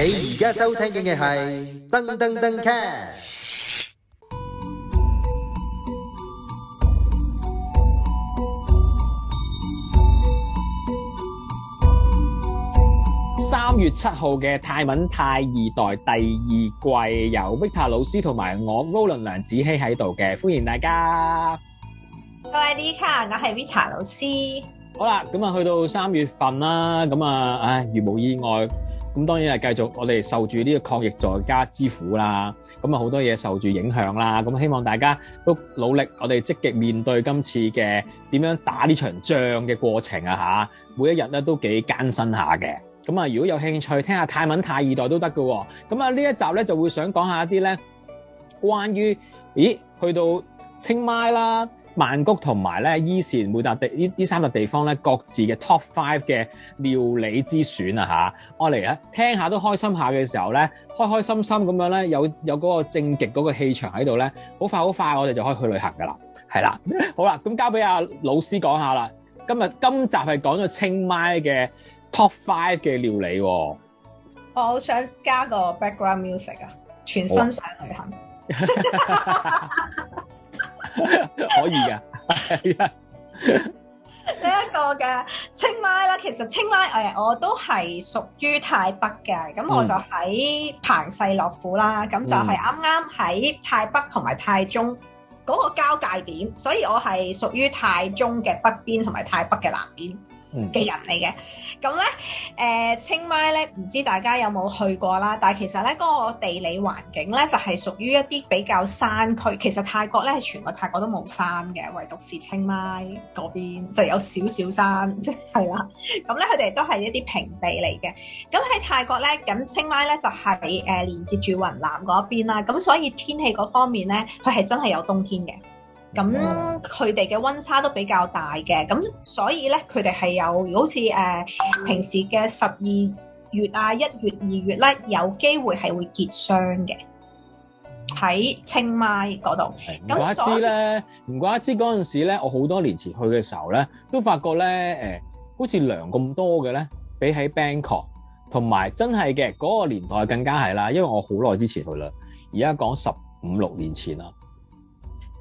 你而家收聽緊嘅係噔噔噔 cast。三月七號嘅泰文泰二代第二季，由 Vita 老師同埋我 Roland 梁子希喺度嘅，歡迎大家。各位 Dika，我係 Vita 老師。好啦，咁啊去到三月份啦，咁啊，唉，如無意外。咁當然係繼續，我哋受住呢個抗疫在家之苦啦。咁啊好多嘢受住影響啦。咁希望大家都努力，我哋積極面對今次嘅點樣打呢場仗嘅過程啊！吓，每一日咧都幾艱辛下嘅。咁啊如果有興趣聽下泰文太二代都得㗎喎。咁啊呢一集咧就會想講下一啲咧關於咦去到清邁啦。曼谷同埋咧伊善每笪地，呢呢三笪地方咧，各自嘅 top five 嘅料理之選啊，嚇，我嚟啊聽下都開心下嘅時候咧，開開心心咁樣咧，有有嗰個正極嗰個氣場喺度咧，好快好快我哋就可以去旅行噶啦。係啦，好啦，咁交俾阿老師講下啦，今日今集係講咗清邁嘅 top five 嘅料理，我好想加個 background music 啊，全身上旅行。好 可以噶的，啊。呢一個嘅清邁啦，其實清邁誒，我都係屬於泰北嘅，咁我就喺彭世洛府啦，咁就係啱啱喺泰北同埋泰中嗰個交界點，所以我係屬於泰中嘅北邊，同埋泰北嘅南邊，嘅人嚟嘅，咁咧誒清邁咧，唔知大家有冇去過啦，但係其實咧嗰、那個地理環境咧就係、是、屬於一啲比較山區，其實泰國咧全個泰國都冇山嘅，唯獨是清邁嗰邊就有少少山，係啦，咁咧佢哋都係一啲平地嚟嘅，咁喺泰國咧，咁清邁咧就係、是、誒連接住雲南嗰邊啦，咁所以天氣嗰方面咧，佢係真係有冬天嘅。咁佢哋嘅溫差都比較大嘅，咁所以咧佢哋係有好似誒、呃、平時嘅十二月啊、一月、二月咧，有機會係會結霜嘅喺清邁嗰度。咁知咧，唔怪得之嗰陣時咧，我好多年前去嘅時候咧，都發覺咧誒、欸，好似涼咁多嘅咧，比起 Bangkok 同埋真係嘅嗰個年代更加係啦，因為我好耐之前去啦，而家講十五六年前啦。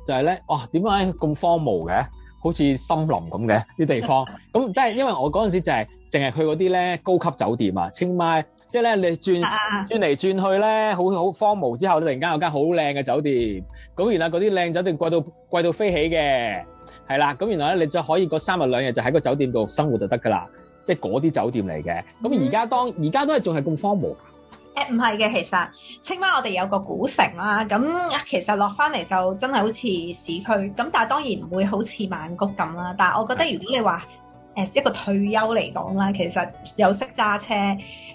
就係咧，哇！點解咁荒蕪嘅？好似森林咁嘅啲地方，咁但係因為我嗰陣時就係淨係去嗰啲咧高級酒店啊，清邁，即係咧你轉轉嚟轉去咧，好好荒蕪之後，突然間有間好靚嘅酒店，咁原來嗰啲靚酒店貴到貴到飛起嘅，係啦，咁原來咧你就可以嗰三日兩日就喺個酒店度生活就得噶啦，即係嗰啲酒店嚟嘅。咁而家當而家都係仲係咁荒蕪？唔係嘅，其實清邁我哋有個古城啦，咁其實落翻嚟就真係好似市區，咁但係當然唔會好似曼谷咁啦。但係我覺得如果你話誒一個退休嚟講啦，其實又識揸車，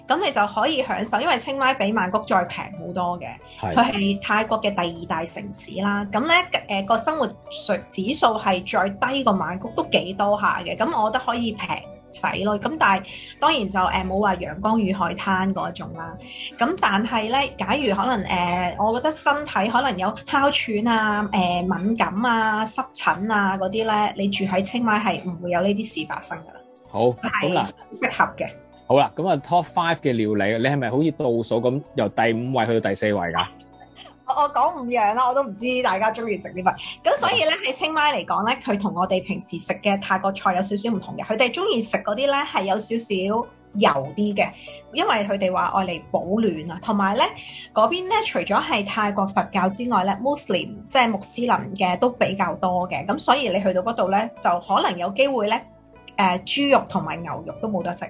咁你就可以享受，因為清邁比曼谷再平好多嘅。佢係的泰國嘅第二大城市啦。咁咧誒個生活水指數係再低過曼谷都幾多下嘅。咁我覺得可以平洗咯，咁但係當然就誒冇話陽光與海灘嗰種啦。咁但係咧，假如可能誒、呃，我覺得身體可能有哮喘啊、誒、呃、敏感啊、濕疹啊嗰啲咧，你住喺清邁係唔會有呢啲事發生㗎啦。好，好啦，適合嘅。好啦，咁啊，Top Five 嘅料理，你係咪好似倒數咁，由第五位去到第四位㗎？我講五樣啦，我都唔知大家中意食啲乜，咁所以咧喺、嗯、清邁嚟講咧，佢同我哋平時食嘅泰國菜有少少唔同嘅，佢哋中意食嗰啲咧係有少少油啲嘅，因為佢哋話愛嚟保暖啊，同埋咧嗰邊咧除咗係泰國佛教之外咧，穆斯林即係、就是、穆斯林嘅都比較多嘅，咁所以你去到嗰度咧就可能有機會咧，誒、呃、豬肉同埋牛肉都冇得食。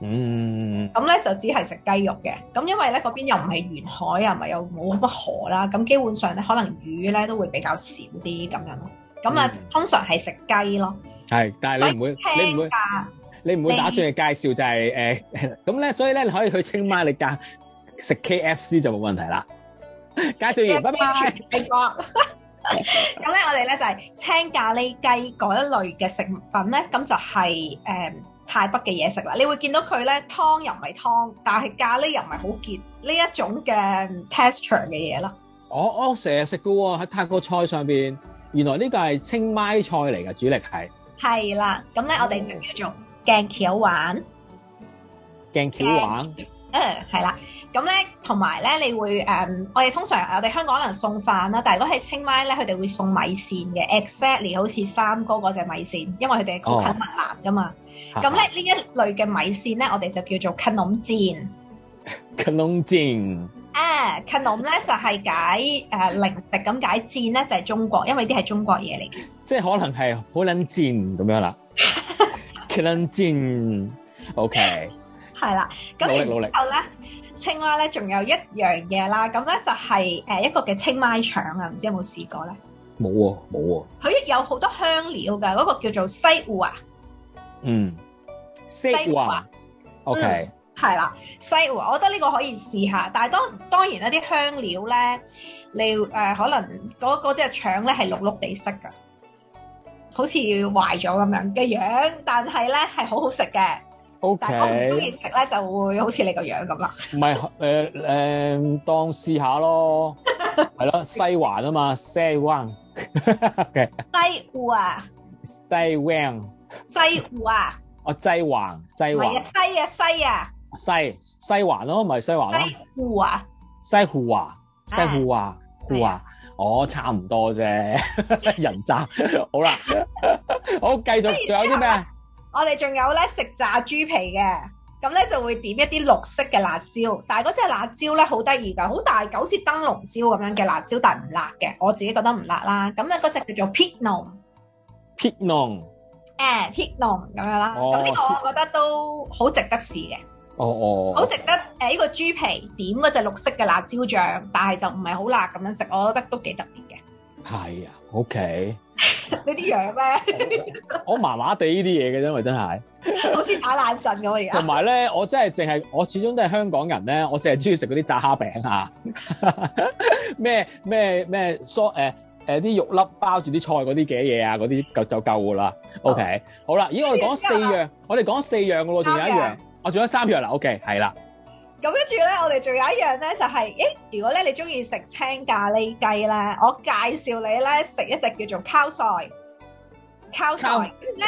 嗯，咁咧就只係食雞肉嘅，咁因為咧嗰邊又唔係沿海，又唔係又冇乜河啦，咁基本上咧可能魚咧都會比較少啲咁樣咯，咁啊通常係食雞咯，係，但係你唔會，會，你唔會，你唔會打算去介紹就係、是、誒，咁咧、呃，所以咧你可以去清邁你㗎食 K F C 就冇問題啦，介紹完拜拜。咁咧我哋咧就係、是、青咖喱雞嗰一類嘅食品咧，咁就係、是、誒。嗯泰北嘅嘢食啦，你會見到佢咧湯又唔係湯，但係咖喱又唔係好結，呢一種嘅 texture 嘅嘢咯。我我成日食嘅喎，喺泰國菜上邊，原來呢個係清邁菜嚟嘅主力係。係啦，咁咧我哋就叫做鏡橋丸。鏡橋丸。Uh, 嗯，係啦，咁咧同埋咧，你會誒、嗯，我哋通常我哋香港人送飯啦，但係如果喺清邁咧，佢哋會送米線嘅，exactly 好似三哥嗰隻米線，因為佢哋係靠近雲南噶嘛。咁咧呢一類嘅米線咧，我哋就叫做檳榔煎。檳榔煎？誒，檳榔咧就係解誒零食咁解，煎、呃、咧就係、是、中國，因為啲係中國嘢嚟嘅。即係可能係好撚煎咁樣啦，好撚煎，OK。係啦，咁然之後咧，清邁咧仲有一樣嘢啦，咁咧就係誒一個嘅清邁腸啊，唔知有冇試過咧？冇喎，冇喎，佢有好多香料噶，嗰、嗰個叫做西胡啊，嗯，西胡啊，OK，係啦，西胡，我覺得呢個可以試下，但係當然當然一啲香料咧，你誒、呃、可能嗰啲嘅腸咧係綠碌地色噶，好似壞咗咁樣嘅樣，但係咧係好好食嘅。O K，中意食咧就會好似你個樣咁啦。唔係誒誒，當試下咯。係咯，西環啊嘛，西環。西湖啊。西環。西湖啊。哦，西環，西環。唔係西啊，西啊。西西環咯，唔係西環咯。湖啊。西湖啊，西湖啊，湖啊，我差唔多啫，人渣。好啦，好繼續，仲有啲咩？我哋仲有咧食炸豬皮嘅，咁咧就會點一啲綠色嘅辣椒，但係嗰隻辣椒咧好得意噶，好大嚿好似燈籠椒咁樣嘅辣椒，但唔辣嘅，我自己覺得唔辣啦。咁咧嗰隻叫做 piton，piton，誒 piton 咁樣啦。咁呢、oh, 個我覺得都好值得試嘅。哦哦、oh, oh, oh, oh.，好值得誒！呢、這個豬皮點嗰隻綠色嘅辣椒醬，但係就唔係好辣咁樣食，我覺得都幾特別嘅。係啊、hey,，OK。呢啲樣咩？我麻麻地呢啲嘢嘅啫，我真係好似打冷震咁嘅樣。同埋咧，我真係淨係我始終都係香港人咧，我淨係中意食嗰啲炸蝦餅啊，咩咩咩疏誒誒啲肉粒包住啲菜嗰啲嘅嘢啊，嗰啲就就夠噶啦。OK，、哦、好啦，咦我哋講四樣，我哋講四樣噶，仲有一樣，我仲人、哦、有三樣啦。OK，係啦。咁跟住咧，我哋仲有一樣咧，就係，咦，如果咧你中意食青咖喱雞咧，我介紹你咧食一隻叫做烤碎，烤碎，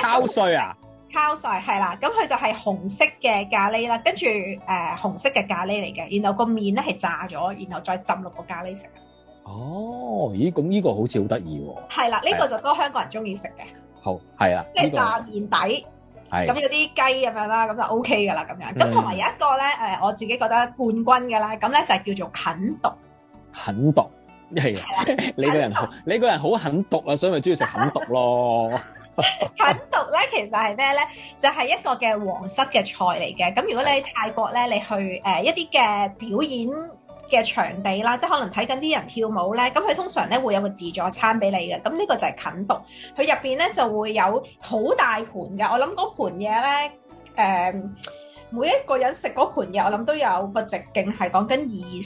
烤碎啊，烤碎係啦，咁佢就係紅色嘅咖喱啦，跟住誒、呃、紅色嘅咖喱嚟嘅，然後個麵咧係炸咗，然後再浸落個咖喱食哦，咦，咁呢個好似好得意喎。係啦，呢、這個就多香港人中意食嘅。的好，係啦。即係炸麵底。的咁有啲雞咁樣啦，咁就 OK 㗎喇咁樣。咁同埋有一個咧，誒我自己覺得冠軍嘅咧，咁咧就係叫做啃毒。啃毒，係啊！你個人好，你個人好啃毒啊，所以咪中意食啃毒咯。啃 毒咧其實係咩咧？就係、是、一個嘅皇室嘅菜嚟嘅。咁如果你喺泰國咧，你去誒一啲嘅表演嘅場地啦，即係可能睇緊啲人跳舞咧，咁佢通常咧會有個自助餐俾你嘅，咁、這、呢個就係近獨。佢入邊咧就會有好大盤嘅，我諗嗰盤嘢咧，誒、嗯、每一個人食嗰盤嘢，我諗都有個直徑係講緊二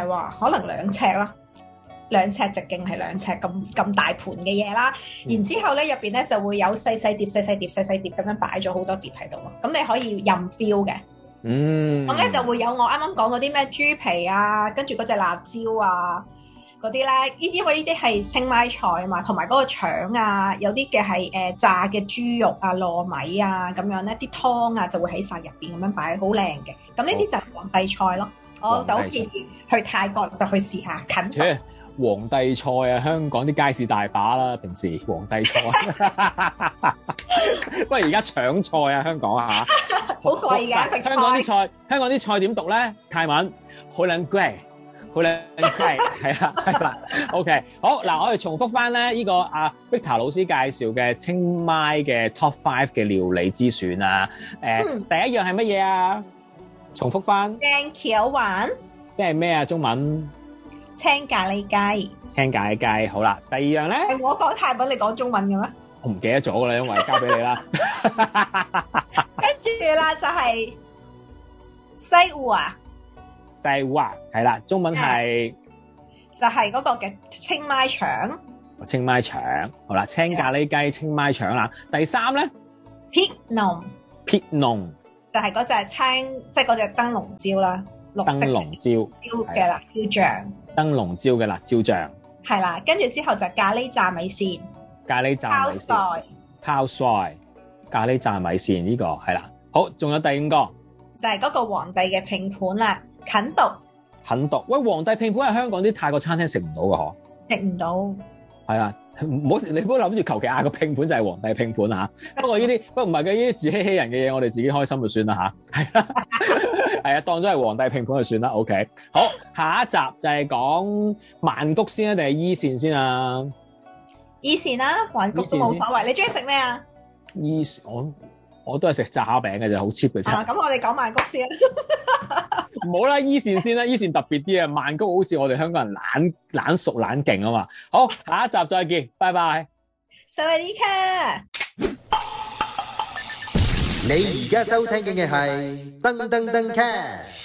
十誒話，可能兩尺咯，兩尺直徑係兩尺咁咁大盤嘅嘢啦。嗯、然之後咧入邊咧就會有細細碟、細細碟、細細碟咁樣擺咗好多碟喺度，咁你可以任 feel 嘅。嗯，咁咧就會有我啱啱講嗰啲咩豬皮啊，跟住嗰隻辣椒啊，嗰啲咧，呢啲我呢啲係清邁菜啊嘛，同埋嗰個腸啊，有啲嘅係誒炸嘅豬肉啊、糯米啊咁樣咧，啲湯啊就會喺曬入邊咁樣擺，好靚嘅。咁呢啲就係皇帝菜咯，我、哦 oh, 就好建議去泰國就去試下，近。Yeah. 皇帝菜啊，香港啲街市大把啦，平時皇帝菜。喂，而家搶菜啊，香港嚇、啊，好貴嘅。香港啲菜，香港啲菜點讀咧？泰文，好靚貴，好靚貴，係啦，係啦。OK，好嗱，我哋重複翻咧呢個阿、啊、Victor 老師介紹嘅清邁嘅 Top Five 嘅料理之選啊。誒、呃，嗯、第一樣係乜嘢啊？重複翻。Thank you one 即係咩啊？中文？青咖喱雞，青咖喱雞好啦。第二樣咧，係我講泰文，你講中文嘅咩？我唔記得咗啦，因為交俾你啦。跟住啦，就係西湖啊，西湖啊，係啦，中文係就係嗰個嘅清邁腸，清邁腸好啦，青咖喱雞，清邁腸啦。第三咧，撇濃濃，撇濃濃，就係嗰隻青，即係嗰隻燈籠椒啦。燈籠椒燈籠椒嘅、啊、辣椒醬，燈籠椒嘅辣椒醬係啦，跟住之後就咖喱炸米線，咖喱炸米線，泡菜，泡菜，泡菜，咖喱炸米線呢、這個係啦、啊，好，仲有第五個就係嗰個皇帝嘅拼盤啦，啃毒，啃毒，喂，皇帝拼盤喺香港啲泰國餐廳食唔到㗎嗬，食唔到，係啊，唔好你唔好諗住求其嗌個拼盤就係皇帝拼盤啊， 不過呢啲不過唔係嘅呢啲自欺欺人嘅嘢，我哋自己開心就算啦吓，係啊。 係啊，當咗係皇帝拼盤就算啦，OK。好，下一集就係講曼谷先啊，定 係伊善先啊？伊善啦，曼谷都冇所謂。你中意食咩啊？伊善，我我都係食炸餅嘅就好 cheap 嘅餐。咁我哋講曼谷先啦。好啦，伊善先啦，伊善特別啲啊。曼谷好似我哋香港人懶懶熟懶勁啊嘛。好，下一集再見，拜拜。s o i k 你而家收聽嘅係燈登登 cast。